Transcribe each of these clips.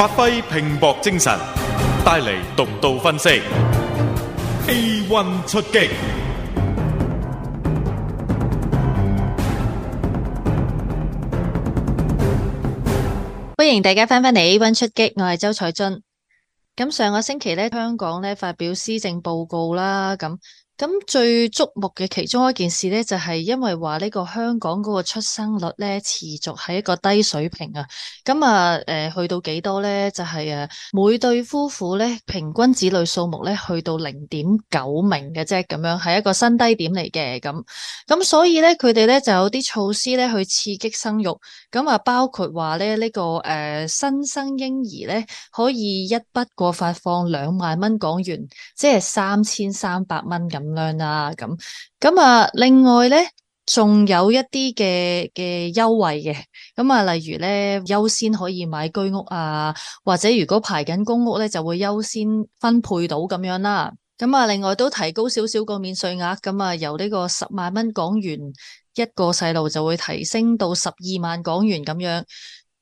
發揮拼搏精神，帶嚟獨到分析。A one 出擊，歡迎大家翻返嚟 A one 出擊，我係周采蓁。咁上個星期呢，香港呢發表施政報告啦，咁。咁最觸目嘅其中一件事咧，就係因為話呢個香港嗰個出生率咧持續喺一個低水平啊。咁啊誒，去到幾多咧？就係誒每對夫婦咧平均子女數目咧，去到零點九名嘅啫，咁樣係一個新低點嚟嘅。咁咁所以咧，佢哋咧就有啲措施咧去刺激生育。咁啊，包括話咧呢個誒新生嬰兒咧可以一筆過發放兩萬蚊港元，即係三千三百蚊咁。量啊咁，咁啊另外咧，仲有一啲嘅嘅優惠嘅，咁啊例如咧優先可以買居屋啊，或者如果排緊公屋咧，就會優先分配到咁樣啦。咁啊另外都提高少少、啊、個免稅額，咁啊由呢個十萬蚊港元一個細路就會提升到十二萬港元咁樣，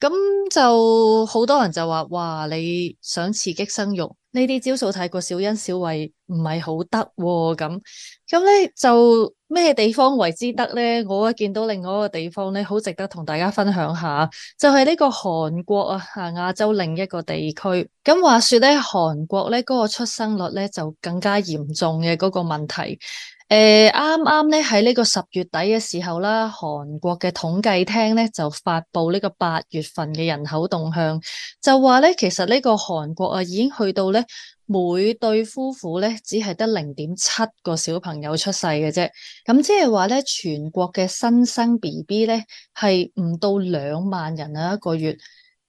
咁就好多人就話哇，你想刺激生育。呢啲招數太過小恩小惠，唔係好得喎。咁咁咧就咩地方為之得咧？我一見到另外一個地方咧，好值得同大家分享下，就係呢個韓國啊，吓亞洲另一個地區。咁話說咧，韓國咧嗰個出生率咧就更加嚴重嘅嗰個問題。誒，啱啱咧喺呢個十月底嘅時候啦，韓國嘅統計廳咧就發佈呢個八月份嘅人口動向，就話咧其實呢個韓國啊已經去到咧每對夫婦咧只係得零點七個小朋友出世嘅啫，咁即係話咧全國嘅新生 B B 咧係唔到兩萬人啊一個月。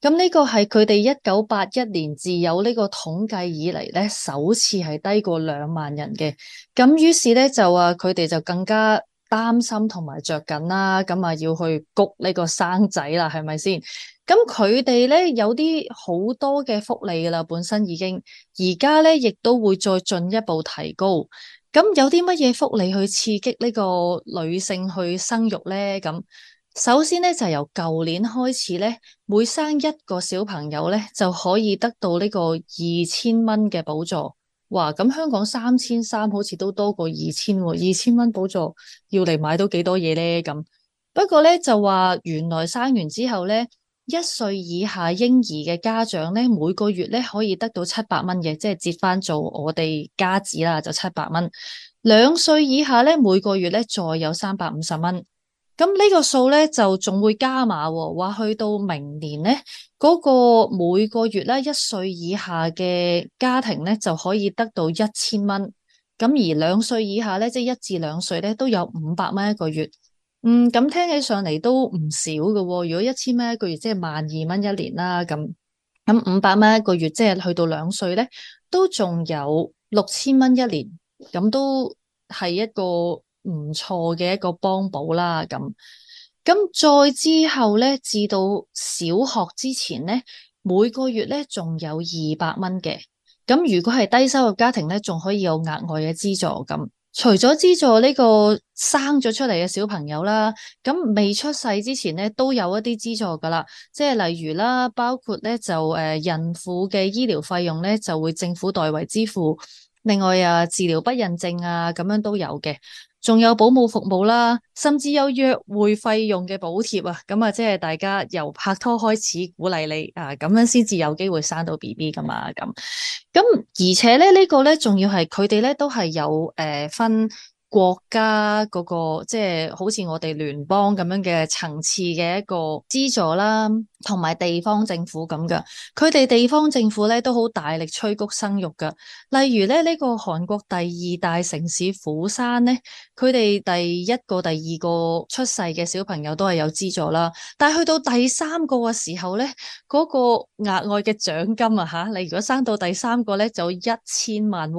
咁呢個係佢哋一九八一年自有呢個統計以嚟，咧，首次係低過兩萬人嘅。咁於是咧就話佢哋就更加擔心同埋着緊啦，咁啊要去谷呢個生仔啦，係咪先？咁佢哋咧有啲好多嘅福利啦，本身已經而家咧亦都會再進一步提高。咁有啲乜嘢福利去刺激呢個女性去生育咧？咁？首先咧就由舊年開始咧，每生一個小朋友咧就可以得到呢個二千蚊嘅補助。哇！咁香港三千三好似都多過二千哦。二千蚊補助要嚟買到幾多嘢咧？咁不過咧就話原來生完之後咧，一歲以下嬰兒嘅家長咧每個月咧可以得到七百蚊嘅，即係折翻做我哋家子啦，就七百蚊。兩歲以下咧每個月咧再有三百五十蚊。咁呢個數咧就仲會加碼喎，話去到明年咧，嗰個每個月咧一歲以下嘅家庭咧就可以得到一千蚊，咁而兩歲以下咧，即係一至兩歲咧都有五百蚊一個月。嗯，咁聽起上嚟都唔少嘅。如果一千蚊一個月，即係萬二蚊一年啦。咁咁五百蚊一個月，即係去到兩歲咧，都仲有六千蚊一年，咁都係一個唔錯嘅一個幫補啦，咁咁再之後咧，至到小學之前咧，每個月咧仲有二百蚊嘅，咁如果係低收入家庭咧，仲可以有額外嘅資助。咁除咗資助呢個生咗出嚟嘅小朋友啦，咁未出世之前咧都有一啲資助噶啦，即係例如啦，包括咧就誒孕，呃、婦嘅醫療費用咧就會政府代為支付，另外啊治療不孕症啊咁樣都有嘅。仲有保姆服務啦，甚至有約會費用嘅補貼啊！咁啊，即係大家由拍拖開始鼓勵你啊，咁樣先至有機會生到 BB 噶嘛咁。咁而且咧呢、這個咧，仲要係佢哋咧都係有誒、呃、分國家嗰、那個，即、就、係、是、好似我哋聯邦咁樣嘅層次嘅一個資助啦。同埋地方政府咁噶，佢哋地方政府咧都好大力催谷生育噶。例如咧，呢個韓國第二大城市釜山咧，佢哋第一個、第二個出世嘅小朋友都係有資助啦。但係去到第三個嘅時候咧，嗰個額外嘅獎金啊吓，你如果生到第三個咧，就一千萬，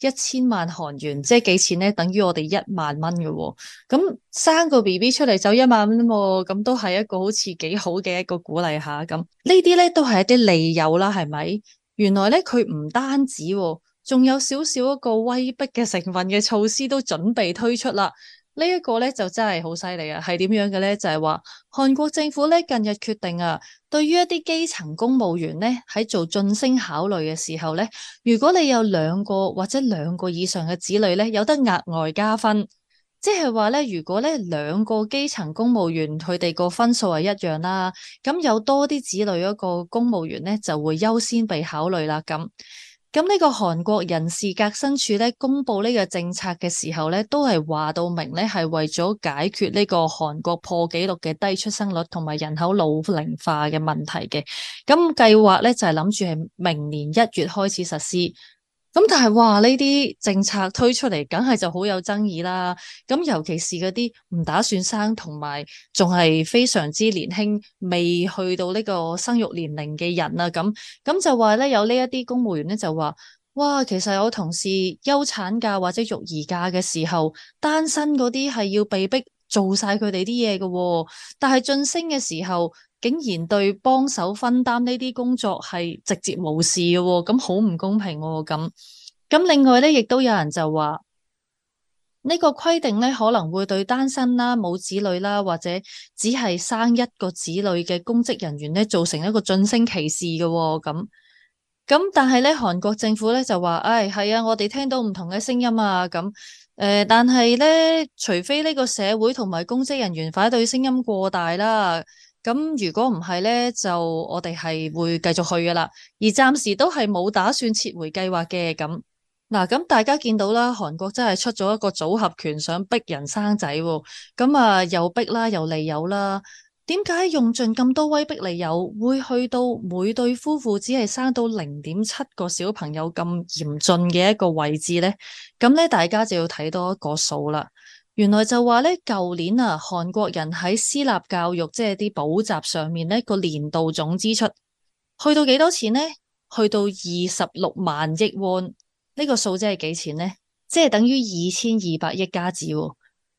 一千萬韓元，即係幾錢咧？等於我哋一萬蚊噶喎，咁。生個 B B 出嚟，就一萬蚊喎，咁都係一個好似幾好嘅一個鼓勵下咁呢啲咧都係一啲利誘啦，係咪？原來咧佢唔單止，仲有少少一個威逼嘅成分嘅措施都準備推出啦。呢、這、一個咧就真係好犀利啊！係點樣嘅咧？就係話韓國政府咧近日決定啊，對於一啲基層公務員咧喺做晉升考慮嘅時候咧，如果你有兩個或者兩個以上嘅子女咧，有得額外加分。即係話咧，如果咧兩個基層公務員佢哋個分數係一樣啦，咁有多啲子女嗰個公務員咧就會優先被考慮啦。咁咁呢個韓國人事革新處咧公布呢個政策嘅時候咧，都係話到明咧係為咗解決呢個韓國破紀錄嘅低出生率同埋人口老齡化嘅問題嘅。咁計劃咧就係諗住係明年一月開始實施。咁但係話呢啲政策推出嚟，梗係就好有爭議啦。咁尤其是嗰啲唔打算生，同埋仲係非常之年輕，未去到呢個生育年齡嘅人啊，咁咁就話咧，有呢一啲公務員咧就話，哇，其實有同事休產假或者育兒假嘅時候，單身嗰啲係要被逼。做晒佢哋啲嘢嘅，但係晉升嘅時候，竟然對幫手分擔呢啲工作係直接無視㗎喎，咁好唔公平喎！咁咁另外咧，亦都有人就話，呢個規定咧，可能會對單身啦、冇子女啦，或者只係生一個子女嘅公職人員咧，造成一個晉升歧視㗎喎！咁咁但係咧，韓國政府咧就話：「唉，係啊，我哋聽到唔同嘅聲音啊，咁。呃、但係咧，除非呢個社會同埋公職人員反對聲音過大啦，咁如果唔係咧，就我哋係會繼續去噶啦。而暫時都係冇打算撤回計劃嘅咁。嗱，咁、啊、大家見到啦，韓國真係出咗一個組合拳，想逼人生仔喎。咁、呃、啊，又逼啦，又利誘啦。點解用盡咁多威逼利誘，會去到每對夫婦只係生到零點七個小朋友咁嚴峻嘅一個位置呢？咁咧，大家就要睇多一個數啦。原來就話咧，舊年啊，韓國人喺私立教育，即係啲補習上面咧，個年度總支出去到幾多錢呢？去到二十六萬億韓元，呢個數即係幾錢呢？即係等於二千二百億加紙。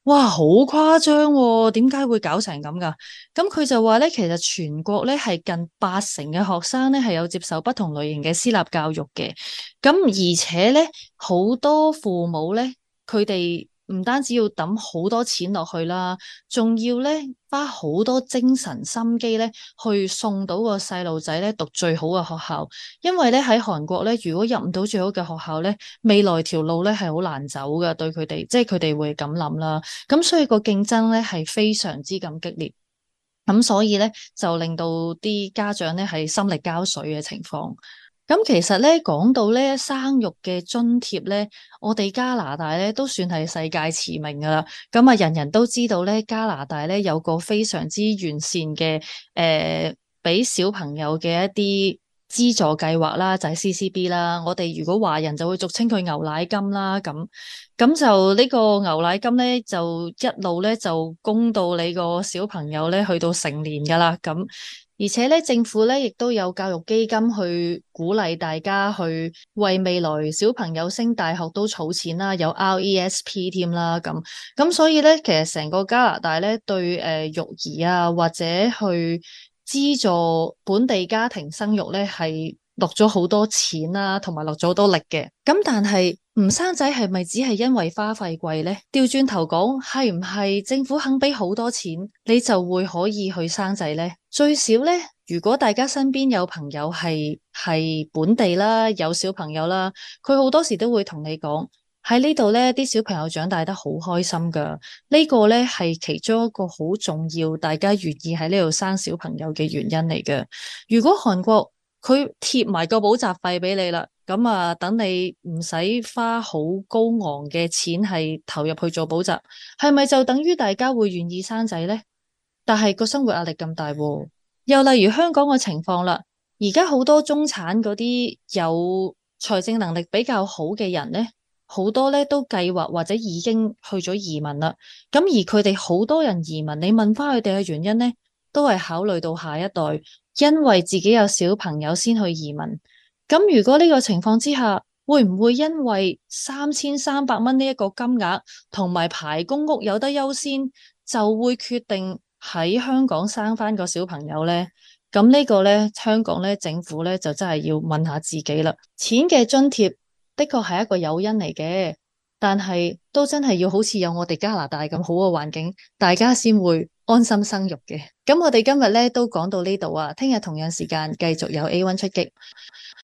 哇，好誇張喎，點解會搞成咁噶？咁佢就話咧，其實全國咧係近八成嘅學生咧係有接受不同類型嘅私立教育嘅，咁而且咧好多父母咧佢哋。唔單止要抌好多錢落去啦，仲要咧花好多精神心機咧去送到個細路仔咧讀最好嘅學校，因為咧喺韓國咧，如果入唔到最好嘅學校咧，未來條路咧係好難走㗎，對佢哋，即係佢哋會咁諗啦。咁所以個競爭咧係非常之咁激烈，咁所以咧就令到啲家長咧係心力交瘁嘅情況。咁其實咧講到咧生育嘅津貼咧，我哋加拿大咧都算係世界馳名噶啦。咁啊，人人都知道咧，加拿大咧有個非常之完善嘅誒，俾、呃、小朋友嘅一啲資助計劃啦，就係、是、CCB 啦。我哋如果華人就會俗稱佢牛奶金啦。咁咁就呢個牛奶金咧，就一路咧就供到你個小朋友咧去到成年噶啦。咁而且咧，政府咧亦都有教育基金去鼓勵大家去為未來小朋友升大學都儲錢啦，有 RESP 添啦。咁咁所以咧，其實成個加拿大咧對呃育兒啊或者去。資助本地家庭生育咧，係落咗好多錢啦、啊，同埋落咗好多力嘅。咁但係唔生仔係咪只係因為花費貴呢？調轉頭講，係唔係政府肯俾好多錢，你就會可以去生仔呢？最少呢，如果大家身邊有朋友係係本地啦，有小朋友啦，佢好多時都會同你講。喺呢度呢啲小朋友長大得好開心㗎。呢個呢係其中一個好重要，大家願意喺呢度生小朋友嘅原因嚟嘅。如果韓國佢貼埋個補習費俾你啦，咁啊，等你唔使花好高昂嘅錢係投入去做補習，係咪就等於大家會願意生仔呢？但係個生活壓力咁大，啊，又例如香港嘅情況啦，而家好多中產嗰啲有財政能力比較好嘅人呢，好多咧都計劃或者已經去咗移民啦，咁而佢哋好多人移民，你問翻佢哋嘅原因呢，都係考慮到下一代，因為自己有小朋友先去移民。咁如果呢個情況之下，會唔會因為三千三百蚊呢一個金額同埋排公屋有得優先，就會決定喺香港生翻個小朋友呢？咁呢個呢，香港咧政府咧就真係要問下自己啦，錢嘅津貼。的確係一個誘因嚟嘅，但係都真係要好似有我哋加拿大咁好嘅環境，大家先會安心生育嘅。咁我哋今日咧都講到呢度啊，聽日同樣時間繼續有 A1 出擊。